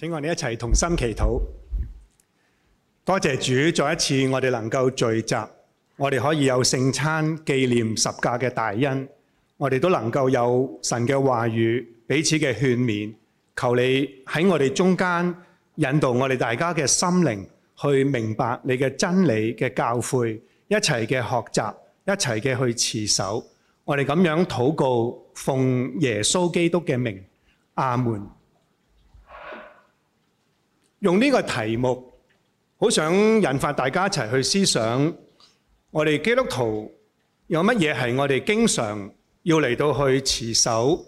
請我哋一齊同心祈禱。多謝主，再一次我哋能夠聚集，我哋可以有聖餐紀念十架嘅大恩，我哋都能夠有神嘅話語，彼此嘅勸勉。求你喺我哋中間引導我哋大家嘅心靈，去明白你嘅真理嘅教誨，一齊嘅學習，一齊嘅去持守。我哋咁樣禱告，奉耶穌基督嘅名，阿門。用呢個題目，好想引發大家一齊去思想，我哋基督徒有乜嘢係我哋經常要嚟到去持守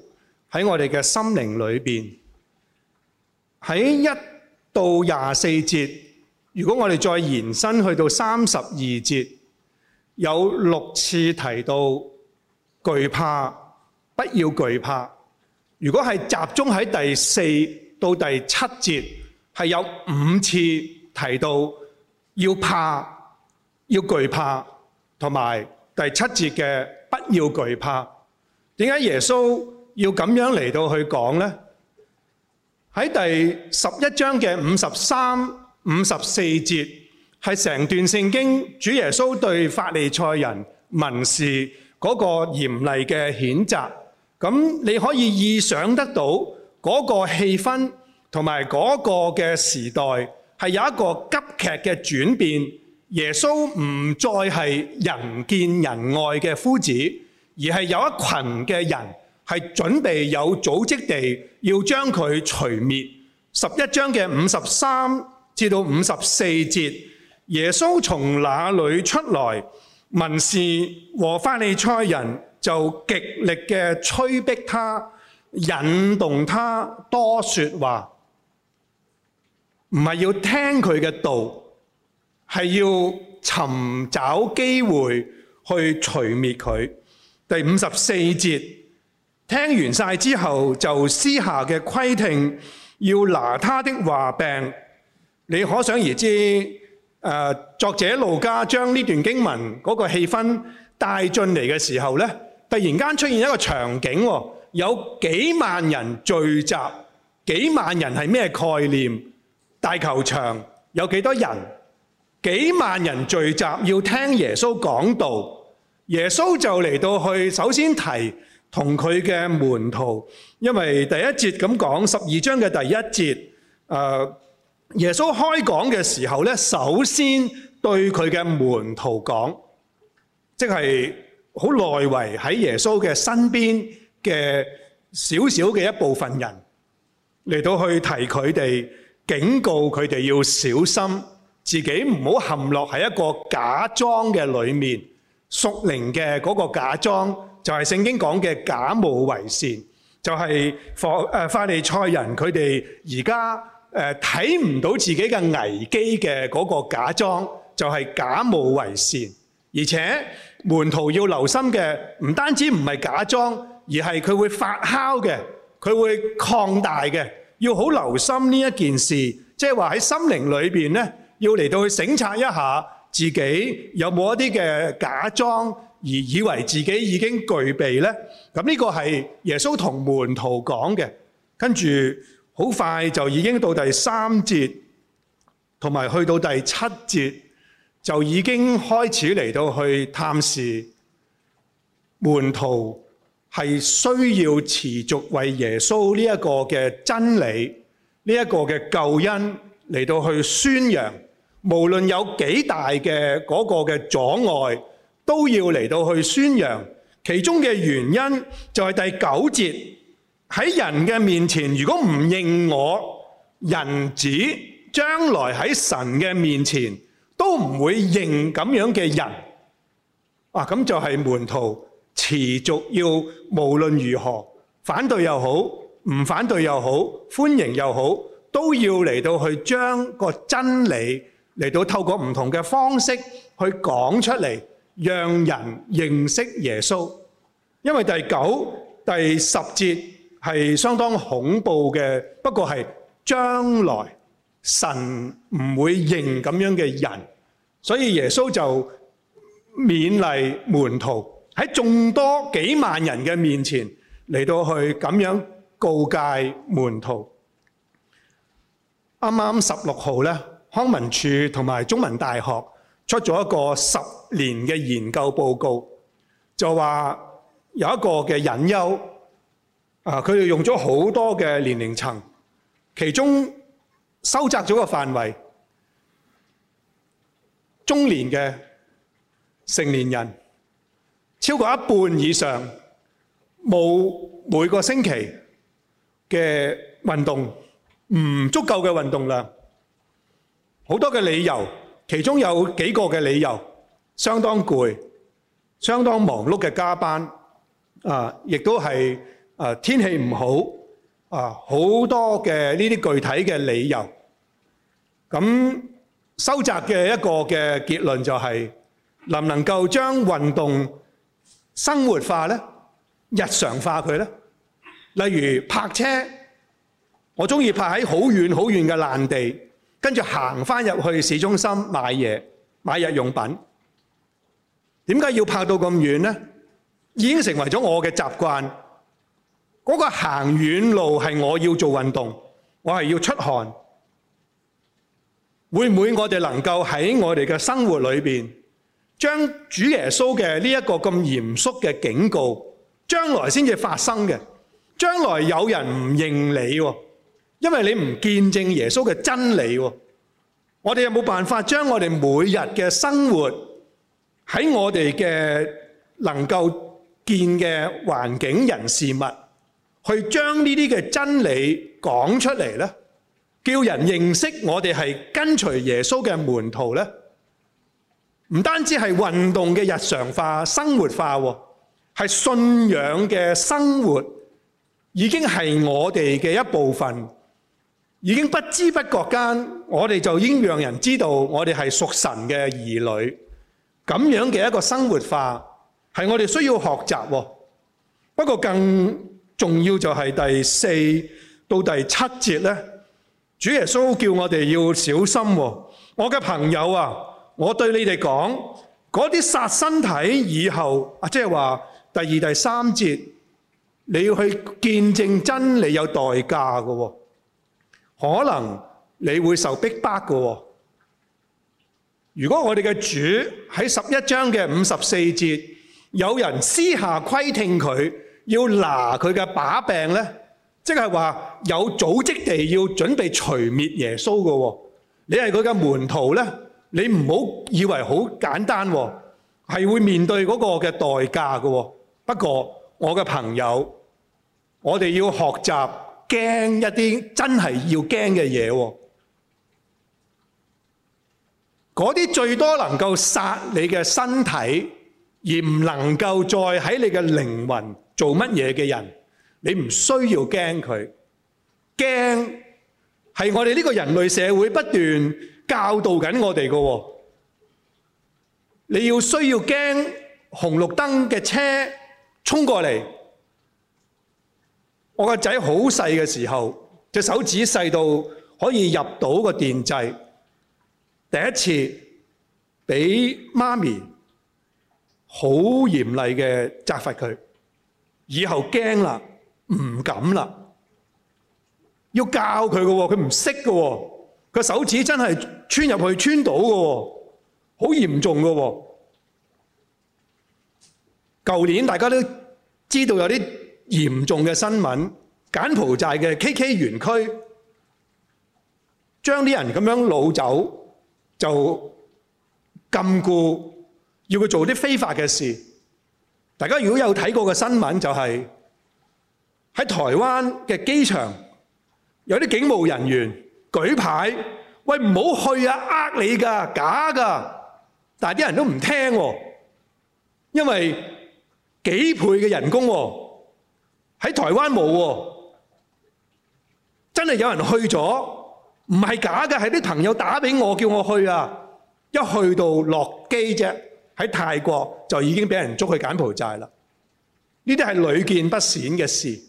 喺我哋嘅心靈裏面？喺一到廿四節，如果我哋再延伸去到三十二節，有六次提到懼怕，不要懼怕。如果係集中喺第四到第七節。係有五次提到要怕、要懼怕，同埋第七節嘅不要懼怕。點解耶穌要咁樣嚟到去講咧？喺第十一章嘅五十三、五十四節係成段聖經，主耶穌對法利賽人、文士嗰個嚴厲嘅譴責。咁你可以意想得到嗰個氣氛。同埋嗰個嘅時代係有一個急劇嘅轉變，耶穌唔再係人見人愛嘅夫子，而係有一群嘅人係準備有組織地要將佢除滅。十一章嘅五十三至到五十四節，耶穌從哪裏出來？文士和法利賽人就極力嘅催逼他，引動他多說話。唔係要聽佢嘅道，係要尋找機會去除滅佢。第五十四節聽完晒之後，就私下嘅規定要拿他的話柄。你可想而知，誒，作者路加將呢段經文嗰個氣氛帶進嚟嘅時候呢，突然間出現一個場景，有幾萬人聚集，幾萬人係咩概念？大球場有幾多人？幾萬人聚集要聽耶穌講道。耶穌就嚟到去，首先提同佢嘅門徒，因為第一節咁講，十二章嘅第一節，誒耶穌開講嘅時候呢，首先對佢嘅門徒講，即係好內圍喺耶穌嘅身邊嘅少少嘅一部分人嚟到去提佢哋。警告佢哋要小心，自己唔好陷落喺一個假裝嘅裏面，屬靈嘅嗰個假裝就係聖經講嘅假冒為善，就係法誒法利賽人佢哋而家誒睇唔到自己嘅危機嘅嗰個假裝，就係假冒為善，而且門徒要留心嘅，唔單止唔係假裝，而係佢會發酵嘅，佢會擴大嘅。要好留心呢一件事，即係話喺心靈裏面呢，要嚟到去省察一下自己有冇一啲嘅假裝，而以為自己已經具備呢。咁呢個係耶穌同門徒講嘅，跟住好快就已經到第三節，同埋去到第七節，就已經開始嚟到去探視門徒。係需要持續為耶穌呢一個嘅真理，呢一個嘅救恩嚟到去宣揚。無論有幾大嘅嗰個嘅阻礙，都要嚟到去宣揚。其中嘅原因就係第九節，喺人嘅面前，如果唔認我，人子將來喺神嘅面前都唔會認咁樣嘅人。啊，咁就係門徒。持續要，無論如何，反對又好，唔反對又好，歡迎又好，都要來到去將個真理來到透過不同的方式去講出來，讓人認識耶穌。喺眾多幾萬人嘅面前，來到去，噉樣，告誡門徒。啱啱十六號呢，康文署同埋中文大學出咗一個十年嘅研究報告，就話有一個嘅隱憂，啊，佢哋用咗好多嘅年齡層，其中收窄咗個範圍，中年嘅成年人。超過一半以上冇每個星期嘅運動，唔足夠嘅運動量，好多嘅理由，其中有幾個嘅理由，相當攰，相當忙碌嘅加班，啊，亦都係啊天氣唔好，啊好多嘅呢啲具體嘅理由。咁收集嘅一個嘅結論就係能唔能夠將運動，生活化呢，日常化佢呢，例如泊車，我鍾意泊喺好遠好遠嘅爛地，跟住行返入去市中心買嘢、買日用品。點解要泊到咁遠呢？已經成為咗我嘅習慣。嗰個行遠路係我要做運動，我係要出汗。會唔會我哋能夠喺我哋嘅生活裏邊？將主耶穌的呢一個咁嚴肅的警告，將來先至發生的，將來有人唔認你，因為你唔見證耶穌的真理。我哋有冇辦法將我哋每日的生活，喺我哋嘅能夠見的環境人事物，去將呢啲的真理講出嚟呢，叫人認識我哋是跟隨耶穌的門徒呢？唔單止係運動嘅日常化、生活化喎，係信仰嘅生活已經係我哋嘅一部分，已經不知不覺間，我哋就已經讓人知道我哋係屬神嘅兒女。咁樣嘅一個生活化係我哋需要學習喎。不過更重要就係第四到第七節咧，主耶穌叫我哋要小心喎，我嘅朋友啊！我對你哋講，嗰啲殺身體以後，啊，即係話第二、第三節，你要去見證真理有代價㗎，可能你會受逼迫㗎。如果我哋嘅主喺十一章嘅五十四節，有人私下窺聽，佢要拿佢嘅把柄呢，即係話有組織地要準備除滅耶穌㗎，你係佢嘅門徒呢？你唔好以為好簡單，係會面對嗰個代價嘅。不過，我嘅朋友，我哋要學習，驚一啲真係要驚嘅嘢。嗰啲最多能夠殺你嘅身體，而唔能夠再喺你嘅靈魂做乜嘢嘅人，你唔需要驚佢。驚，係我哋呢個人類社會不斷教導緊我哋嘅，你要需要驚紅綠燈嘅車衝過嚟。我個仔好細嘅時候，隻手指細到可以入到個電掣，第一次俾媽咪好嚴厲嘅責罰佢，以後驚啦，唔敢啦，要教佢嘅，佢唔識嘅，個手指真係穿入去穿到嘅喎，好嚴重嘅喎。舊年大家都知道有啲嚴重嘅新聞，柬埔寨嘅 KK 園區將啲人咁樣擄走，就禁錮，要佢做啲非法嘅事。大家如果有睇過嘅新聞，就係喺台灣嘅機場有啲警務人員舉牌。喂，唔好去啊！呃你㗎，假㗎。但係啲人都唔聽喎，因為幾倍嘅人工喎，喺台灣冇喎。真係有人去咗，唔係假嘅，係啲朋友打俾我，叫我去啊。一去到落機啫，喺泰國就已經俾人捉去柬埔寨啦。呢啲係屢見不鮮嘅事。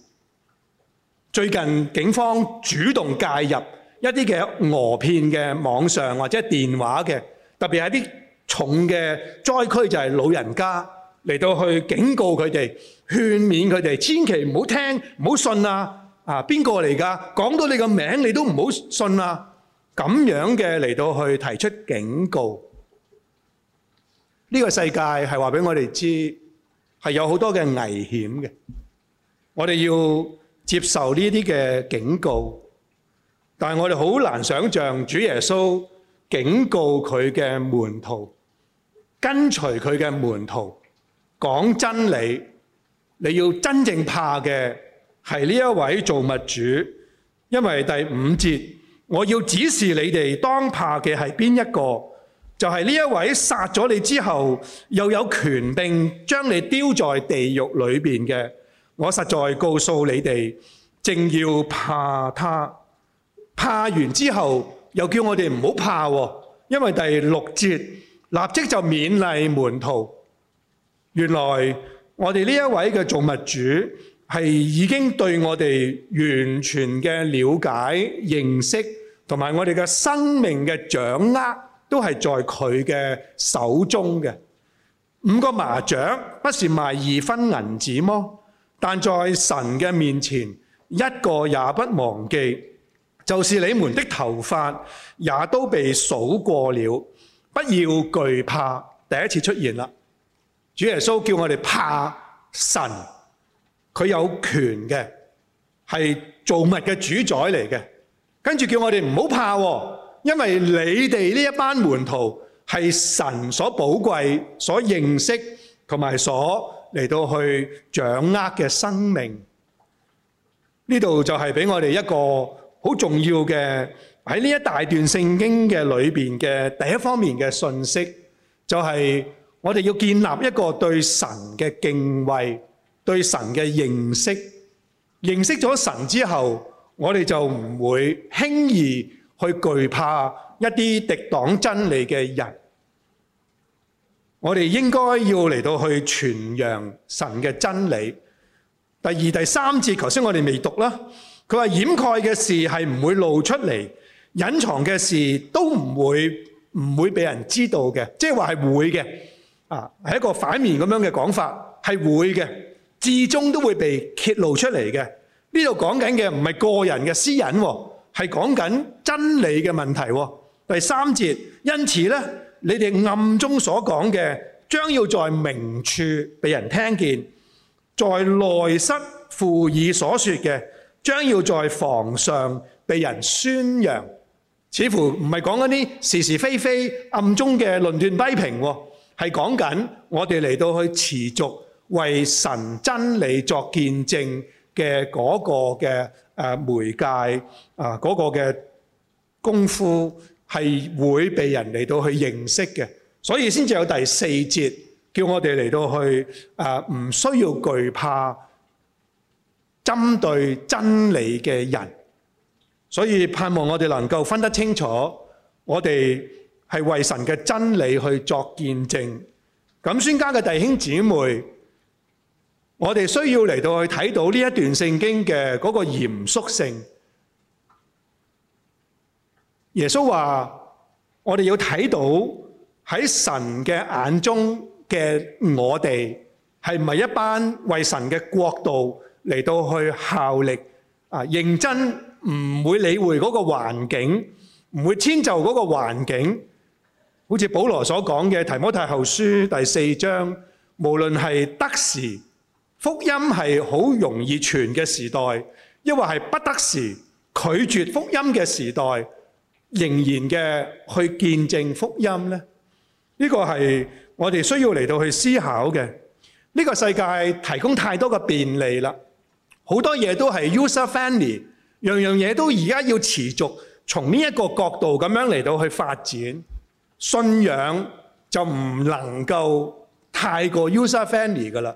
最近警方主動介入。一啲嘅訛騙嘅網上或者電話嘅，特別係啲重嘅災區，就係老人家嚟到去警告佢哋，勸勉佢哋千祈唔好聽，唔好信啊！啊，邊個嚟㗎？講到你個名，你都唔好信啊！咁樣嘅嚟到去提出警告，呢個世界係話俾我哋知係有好多嘅危險嘅，我哋要接受呢啲嘅警告。但係我哋好難想象，主耶穌警告佢嘅門徒，跟隨佢嘅門徒講真理，你要真正怕嘅係呢一位造物主，因為第五節我要指示你哋當怕嘅係邊一個，就係呢一位殺咗你之後又有權柄將你丟在地獄裏邊嘅，我實在告訴你哋，正要怕他。怕完之後，又叫我哋唔好怕，因為第六節立即就勉勵門徒。原來我哋呢一位嘅造物主係已經對我哋完全嘅了解、認識同埋我哋嘅生命嘅掌握，都係在佢嘅手中嘅。五個麻雀不是賣二分銀子麼？但在神嘅面前，一個也不忘記。就是你們的頭髮也都被數過了，不要懼怕。第一次出現啦，主耶穌叫我哋怕神，佢有權嘅，係造物嘅主宰嚟嘅。跟住叫我哋唔好怕，因為你哋呢一班門徒係神所寶貴、所認識同埋所嚟到去掌握嘅生命。呢度就係俾我哋一個好重要嘅，喺呢一大段聖經嘅裏邊嘅，第一方面嘅信息，就係，我哋要建立一個對神嘅敬畏，對神嘅認識。認識咗神之後，我哋就唔會輕易去懼怕一啲敵擋真理嘅人。我哋應該要嚟到去傳揚神嘅真理。第二、第三節，頭先我哋未讀啦，佢話掩蓋嘅事係唔會露出嚟，隱藏嘅事都唔會唔會俾人知道嘅，即係話係會嘅，啊，係一個反面咁樣嘅講法，係會嘅，至終都會被揭露出嚟嘅。呢度講緊嘅唔係個人嘅私隱，係講緊真理嘅問題。第三節，因此呢，你哋暗中所講嘅，將要在明處俾人聽見，在內室附耳所說嘅，將要在房上被人宣揚，似乎唔係講嗰啲是是非非、暗中嘅論斷批評喎，係講緊我哋嚟到去持續為神真理作見證嘅嗰個嘅誒媒介啊，嗰個嘅功夫係會被人嚟到去認識嘅，所以先至有第四節叫我哋嚟到去誒唔需要懼怕。針對真理嘅人，所以盼望我哋能夠分得清楚，我哋係為神嘅真理去作見證。咁孫家嘅弟兄姊妹，我哋需要嚟到去睇到呢一段聖經嘅嗰個嚴肅性。耶穌話：我哋要睇到喺神嘅眼中嘅我哋係唔係一班為神嘅國度。嚟到去效力啊！認真唔會理會嗰個環境，唔會遷就嗰個環境。好似保羅所講嘅《提摩太後書》第四章，無論係得時福音係好容易傳嘅時代，抑或係不得時拒絕福音嘅時代，仍然嘅去見證福音呢？呢、呢個係我哋需要嚟到去思考嘅。呢、呢個世界提供太多嘅便利啦。好多嘢都係 user-friendly，樣樣嘢都而家要持續從呢一個角度咁樣嚟到去發展。信仰就唔能夠太過 user-friendly 噶啦。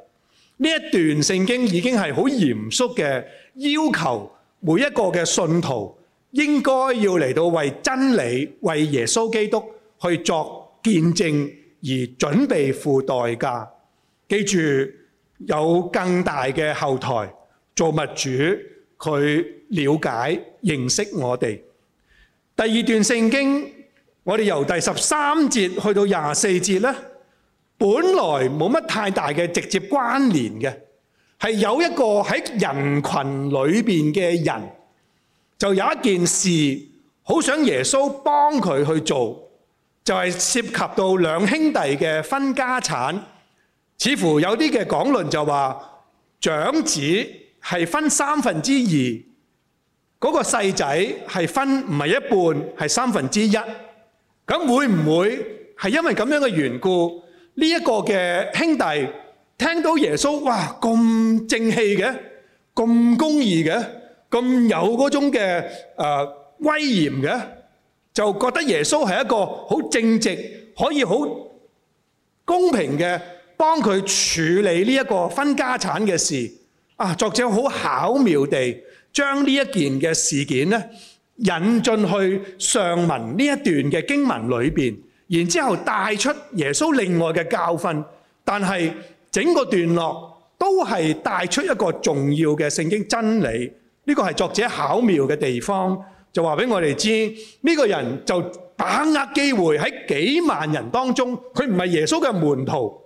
呢一段聖經已經係好嚴肅嘅，要求每一個嘅信徒應該要嚟到為真理、為耶穌基督去作見證而準備付代價。記住有更大嘅後台。做物主，佢了解、認識我哋。第二段聖經，我哋由第十三節去到廿四節咧，本來冇乜太大嘅直接關聯嘅，係有一個喺人群裏邊嘅人，就有一件事好想耶穌幫佢去做，就係涉及到兩兄弟嘅分家產，似乎有啲嘅講論就話長子。係分三分之二，嗰個細仔係分唔係一半，係三分之一。咁會唔會係因為咁樣嘅緣故？呢一個嘅兄弟聽到耶穌，哇！咁正氣嘅，咁公義嘅，咁有嗰種嘅誒威嚴嘅，就覺得耶穌係一個好正直，可以好公平嘅幫佢處理呢一個分家產嘅事。啊！作者好巧妙地將呢一件嘅事件呢引進去上文呢一段嘅經文裏面，然之後帶出耶穌另外嘅教訓，但係整個段落都係帶出一個重要嘅聖經真理。呢個係作者巧妙嘅地方，就話俾我哋知呢個人就把握機會喺幾萬人當中，佢唔係耶穌嘅門徒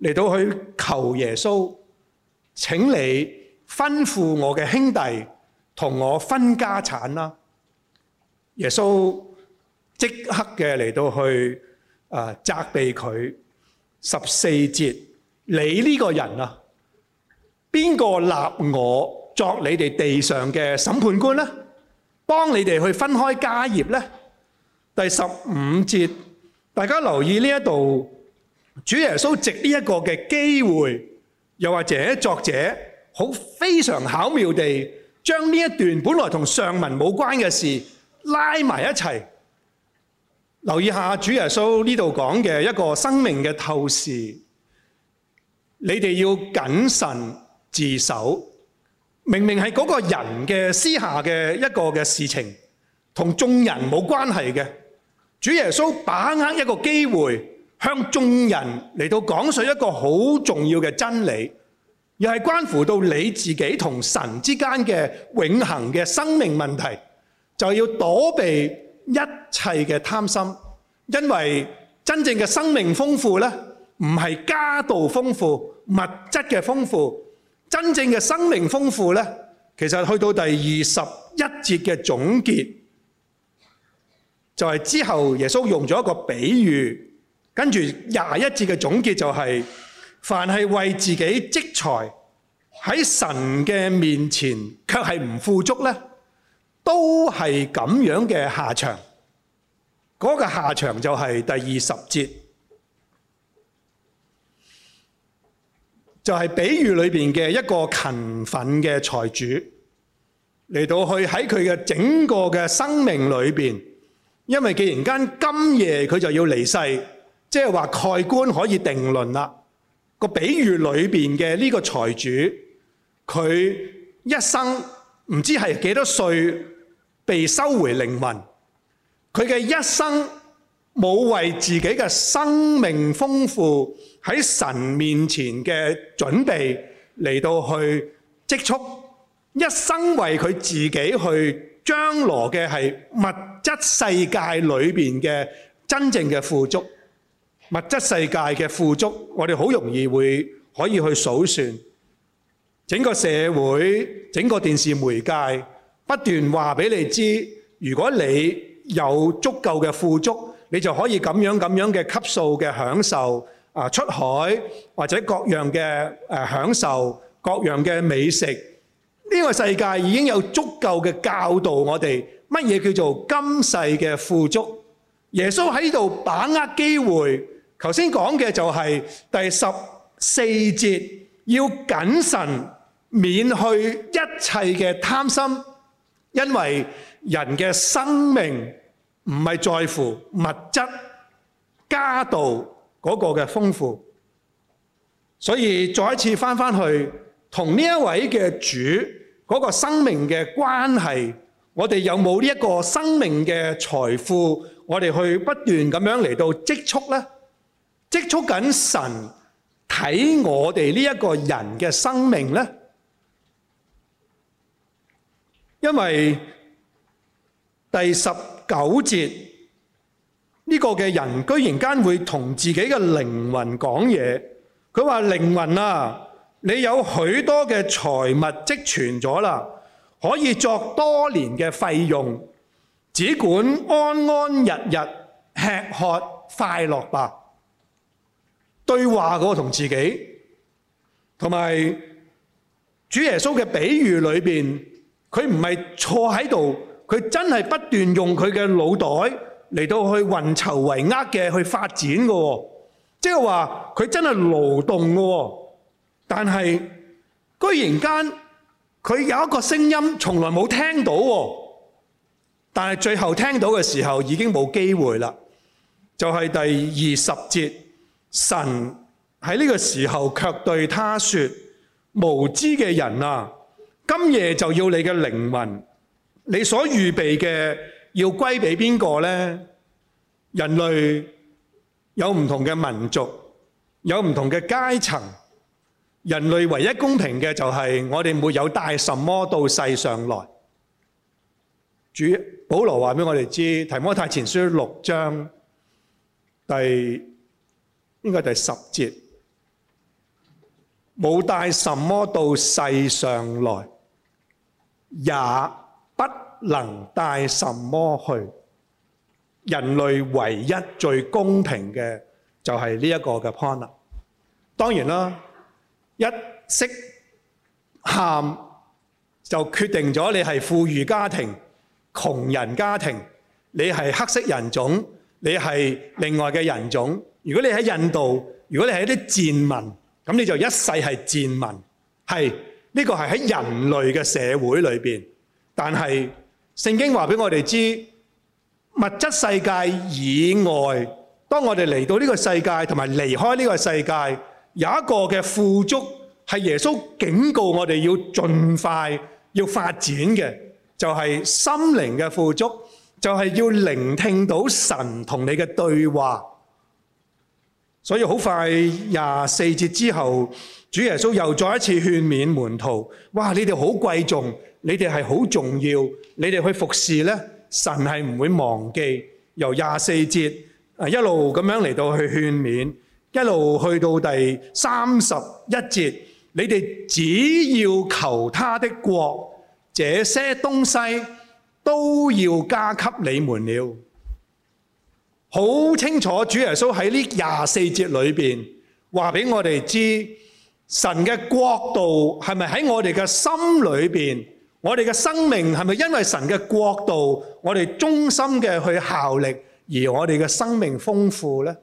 嚟到去求耶穌。請你吩咐我嘅兄弟同我分家產啦。耶穌即刻嘅嚟到去啊責備佢。十四節，你呢個人啊，邊個立我作你哋地上嘅審判官咧？幫你哋去分開家業咧？第十五節，大家留意呢一度，主耶穌藉呢一個嘅機會。又或者作者好非常巧妙地將呢一段本來同上文冇關嘅事拉埋一齊。留意下主耶穌呢度講嘅一個生命嘅透視，你哋要謹慎自守。明明係嗰個人嘅私下嘅一個嘅事情，同眾人冇關係嘅。主耶穌把握一個機會，向眾人嚟到講述一個好重要嘅真理。又係關乎到你自己同神之間嘅永恒嘅生命問題，就要躲避一切嘅貪心，因為真正嘅生命豐富咧，唔係家道豐富，物質嘅豐富，真正嘅生命豐富咧，其實去到第二十一節嘅總結，就係之後耶穌用咗一個比喻，跟住廿一節嘅總結就係。凡係為自己積財，喺神嘅面前卻係唔富足，呢都係咁樣嘅下場。嗰、那個下場就係第二十節，就係、是、比喻裏面嘅一個勤奮嘅財主，嚟到去喺佢嘅整個嘅生命裏面。因為既然間今夜佢就要離世，即係話蓋棺可以定論啦。個比喻裏邊嘅呢個財主，佢一生唔知係幾多歲被收回靈魂，佢嘅一生冇為自己嘅生命豐富喺神面前嘅準備嚟到去積蓄，一生為佢自己去將來嘅係物質世界裏邊嘅真正嘅富足。物質世界嘅富足，我哋好容易會可以去數算整個社會、整個電視媒介不斷話俾你知。如果你有足夠嘅富足，你就可以咁樣咁樣嘅級數嘅享受啊，出海或者各樣嘅誒享受、各樣嘅美食。呢個世界已經有足夠嘅教導我哋乜嘢叫做今世嘅富足。耶穌喺度把握機會。頭先講嘅就係第十四節，要謹慎，免去一切嘅貪心，因為人嘅生命唔係在乎物質家道嗰個嘅豐富。所以再一次返返去同呢一位嘅主嗰個生命嘅關係，我哋有冇呢個生命嘅財富，我哋去不斷咁樣嚟到積蓄呢？積蓄緊神睇我哋呢一個人嘅生命咧，因為第十九節呢個嘅人居然間會同自己嘅靈魂講嘢，佢話靈魂啊，你有許多嘅財物積存咗啦，可以作多年嘅費用，只管安安逸逸吃喝快樂吧。對話嗰個同自己，同埋主耶穌嘅比喻裏邊，佢唔係坐喺度，佢真係不斷用佢嘅腦袋嚟到去運籌帷幄嘅去發展嘅，即係話佢真係勞動嘅。但係居然間佢有一個聲音，從來冇聽到，但係最後聽到嘅時候已經冇機會啦。就係第二十節。神喺呢個時候卻對他說：無知嘅人啊，今夜就要你嘅靈魂，你所預備嘅要歸俾邊個呢？人類有唔同嘅民族，有唔同嘅階層。人類唯一公平嘅就係我哋沒有帶什麼到世上來。主保羅話俾我哋知，提摩太前書六章第。應該第十節，冇帶什麼到世上來，也不能帶什麼去。人類唯一最公平嘅就係呢一個嘅 point 啦。當然啦，一識喊就決定咗你係富裕家庭、窮人家庭，你係黑色人種，你係另外嘅人種。如果你喺印度，如果你係一啲賤民，咁你就一世係賤民。係呢個係喺人類嘅社會裏邊，但係聖經話俾我哋知，物質世界以外，當我哋嚟到呢個世界，同埋離開呢個世界，有一個嘅富足係耶穌警告我哋要盡快要發展嘅，就係心靈嘅富足，就係要聆聽到神同你嘅對話。所以好快廿四節之後，主耶穌又再一次勸勉門徒：，哇！你哋好貴重，你哋係好重要，你哋去服侍呢神係唔會忘記。由廿四節一路咁樣嚟到去勸勉，一路去到第三十一節，你哋只要求他的國，這些東西都要加給你們了。好清楚，主耶穌喺呢廿四節裏邊話俾我哋知，神嘅國度係咪喺我哋嘅心裏邊？我哋嘅生命係咪因為神嘅國度，我哋忠心嘅去效力，而我哋嘅生命豐富呢？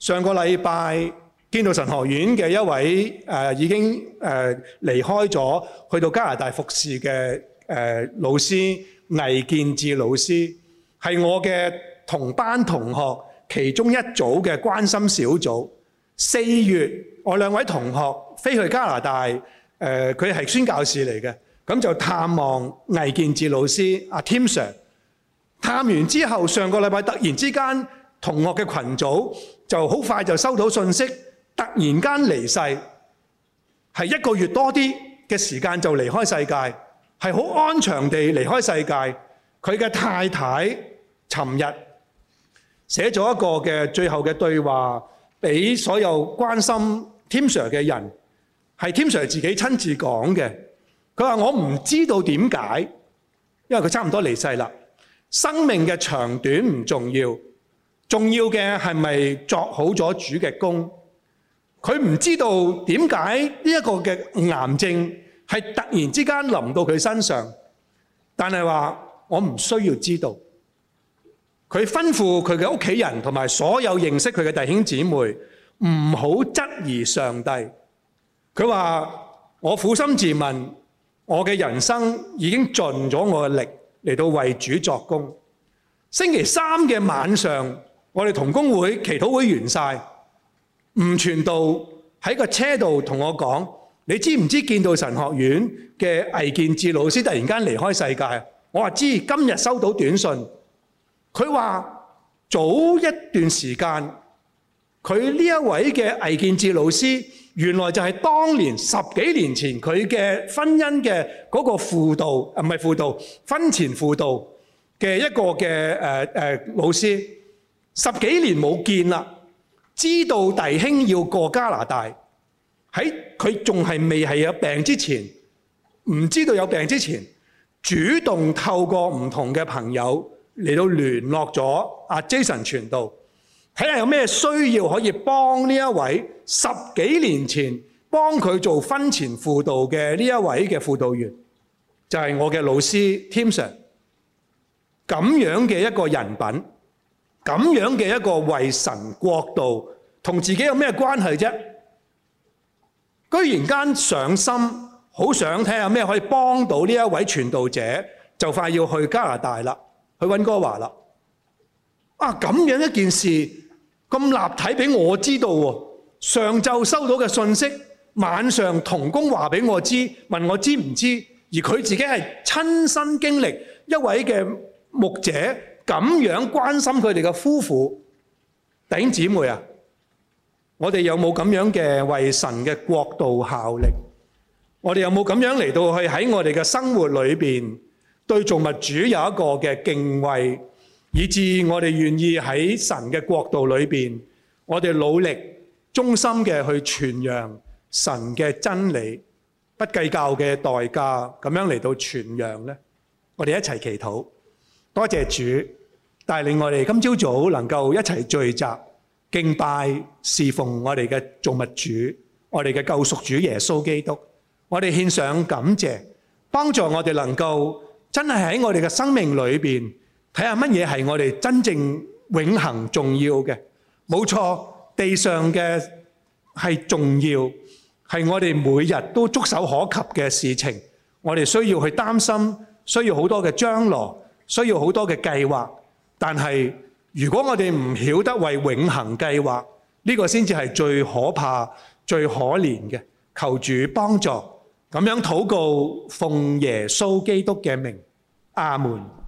上個禮拜，見到神學院嘅一位誒，已經誒離開咗，去到加拿大服侍嘅誒老師魏建志老師，係我嘅。同班同學其中一組嘅關心小組，四月我兩位同學飛去加拿大，誒佢係宣教士嚟嘅，咁就探望魏建智老師阿 Tim Sir。探完之後，上個禮拜突然之間同學嘅群組就好快就收到信息，突然間離世，係一個月多啲嘅時間就離開世界，係好安詳地離開世界。佢嘅太太尋日。寫咗一個嘅最後嘅對話俾所有關心 Tim Sir 嘅人，係 Tim Sir 自己親自講嘅。佢話：我唔知道點解，因為佢差唔多離世啦。生命嘅長短唔重要，重要嘅係咪作好咗主嘅工？佢唔知道點解呢一個嘅癌症係突然之間臨到佢身上，但係話我唔需要知道。佢吩咐佢嘅屋企人同埋所有認識佢嘅弟兄姊妹，唔好質疑上帝。佢話：我苦心自問，我嘅人生已經盡咗我嘅力嚟到為主作工。星期三嘅晚上，我哋同工會祈禱會完晒。吳傳道喺個車度同我講：你知唔知道建道神學院嘅魏建智老師突然間離開世界？我話知，今日收到短信。佢話早一段時間，佢呢一位嘅倪建志老師，原來就係當年十幾年前佢嘅婚姻嘅嗰個輔導，唔係輔導，婚前輔導嘅一個嘅、呃呃、老師。十幾年冇見啦，知道弟兄要過加拿大，喺佢仲係未係有病之前，唔知道有病之前，主動透過唔同嘅朋友。嚟到聯絡咗阿 Jason 傳道，睇下有咩需要可以幫呢一位十幾年前幫佢做婚前輔導嘅呢一位嘅輔導員，就係、是、我嘅老師 Tim Sir。咁樣嘅一個人品，咁樣嘅一個為神國度，同自己有咩關係啫？居然間上心，好想睇下咩可以幫到呢一位傳道者，就快要去加拿大啦。去溫哥華啦！啊，咁樣一件事咁立體俾我知道喎，啊。上晝收到嘅信息，晚上同工話俾我知，問我知唔知，而佢自己係親身經歷一位嘅牧者咁樣關心佢哋嘅夫婦。弟兄姊妹啊，我哋有冇咁樣嘅為神嘅國度效力？我哋有冇咁樣嚟到去喺我哋嘅生活裏邊？對造物主有一個嘅敬畏，以至我哋願意喺神嘅國度裏邊，我哋努力、衷心嘅去傳揚神嘅真理，不計較嘅代價，咁樣嚟到傳揚呢，我哋一齊祈禱，多謝主帶領我哋今朝早能夠一齊聚集敬拜、侍奉我哋嘅造物主、我哋嘅救贖主耶穌基督。我哋獻上感謝，幫助我哋能夠。真係喺我哋嘅生命裏面，睇下乜嘢係我哋真正永恆重要嘅。冇錯，地上嘅係重要，係我哋每日都觸手可及嘅事情。我哋需要去擔心，需要好多嘅將來，需要好多嘅計劃。但係如果我哋唔曉得為永恆計劃，呢個先至係最可怕、最可憐嘅。求主幫助。咁樣禱告，奉耶穌基督嘅名，阿門。